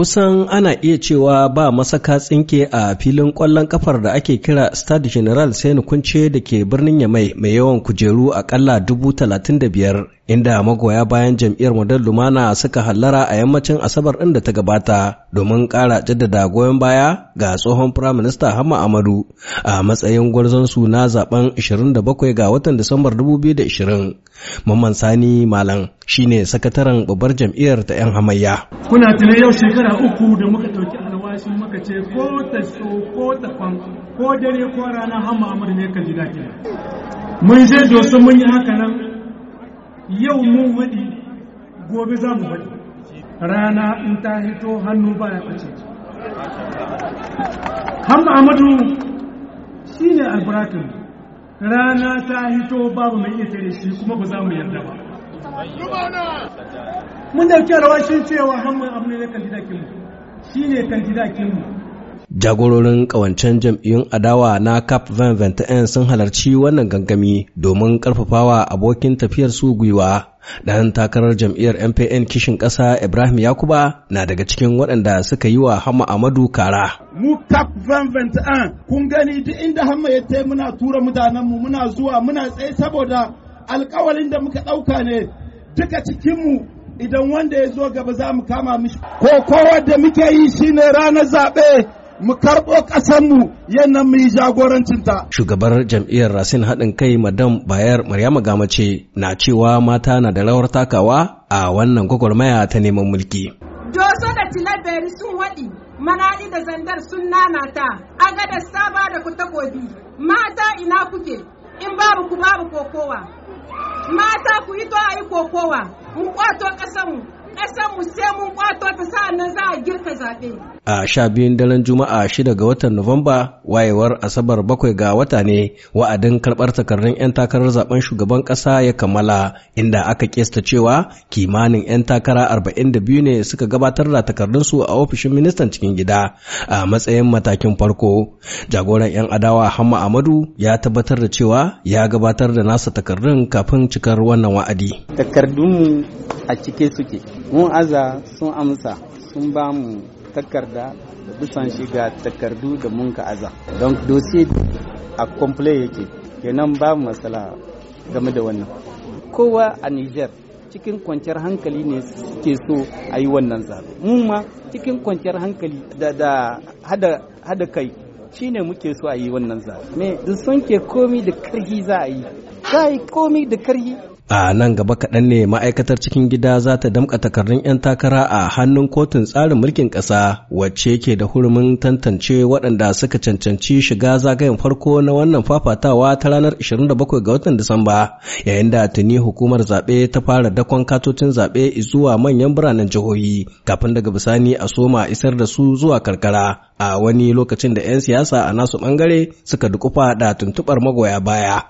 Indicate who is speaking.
Speaker 1: kusan ana iya cewa ba masaka tsinke a filin ƙwallon kafar da ake kira stade general sani kunce da ke birnin yamai mai yawan kujeru akalla dubu talatin da biyar inda magoya bayan jam'iyyar model lumana suka hallara a yammacin asabar ɗin da ta gabata domin ƙara jaddada goyon baya ga tsohon firaminista hama amadu a matsayin gwarzonsu na zaben 27 ga watan disambar 2020 mamman sani malam shine sakataren babbar jam'iyyar ta 'yan hamayya
Speaker 2: kuna tuna yau shekara uku
Speaker 1: da muka ɗauki alwashi muka ce ko ta so ko ta kwan ko dare ko rana hama amadu ne ka ji mun je dosa mun yi haka nan yau mun waɗi gobe za mu waɗi rana in ta hito hannu baya ɓace hamma amadu shi ne alburakin rana ta hito babu mai iya tare shi kuma ba za mu yarda ba mun kyarwa shi cewa hamma abu ne kandidakinmu shi ne mu. jagororin kawancen jam'iyyun adawa na cap 2021 sun halarci wannan gangami domin ƙarfafawa abokin tafiyar su gwiwa ɗan takarar jam'iyyar mpn kishin ƙasa ibrahim yakuba na daga cikin waɗanda suka yi wa hama amadu kara mu cap 2021 kun gani duk inda hama ya muna tura mutanenmu muna zuwa muna tsaye saboda alkawalin da muka ɗauka ne duka cikinmu idan wanda ya zo gaba za mu kama mishi. Ko da muke yi shine ranar zaɓe mu karɓo ƙasarmu yannan mu yi jagorancinta. Shugabar jam'iyyar Rasin haɗin kai madam Bayar Maryama Gamace na cewa mata na da rawar takawa a wannan gwagwarmaya ta neman mulki. Doso da Tilaberi sun waɗi, Manaɗi da Zandar sun nanata, Aga da Saba da gobi, mata ina kuke, in babu ku babu kokowa. mata ku to a yi kokowa mu kwato ƙasarmu ƙasarmu sai mun kwato ta sa'an nan za a girka zaɓe. a sha biyun daren juma'a shida ga watan nuwamba wayewar asabar bakwai ga wata ne wa'adin karɓar takardun 'yan takarar zaben shugaban ƙasa ya kammala inda aka kesta cewa kimanin 'yan takara arba'in da biyu ne suka gabatar da takardun su a ofishin ministan cikin gida a matsayin matakin farko jagoran 'yan adawa hamma amadu ya tabbatar da cewa ya gabatar da nasa takardun kenan kafin cikar wannan wa'adi takardunmu a cike suke mun aza sun amsa sun ba mu takarda da dusan shiga takardu da mun ka aza don dosi a komple yake kenan ba mu matsala game da wannan kowa a niger cikin kwanciyar hankali ne suke so a yi wannan zaɓe mu ma cikin kwanciyar hankali da da hada kai shine muke so a yi wannan zaɓe me duk sun ke komi da karhi za a yi za komi da karyi. a nan gaba kaɗan ne ma'aikatar cikin gida za ta damƙa takardun 'yan takara a hannun kotun tsarin mulkin ƙasa wacce ke da hurumin tantance waɗanda suka cancanci shiga zagayen farko na wannan fafatawa ta ranar 27 ga watan Disamba yayin da tuni hukumar zaɓe ta fara dakon katocin zaɓe zuwa manyan biranen jihohi kafin daga bisani a soma isar da su zuwa karkara a wani lokacin da 'yan siyasa a nasu ɓangare suka dukufa da tuntuɓar magoya baya.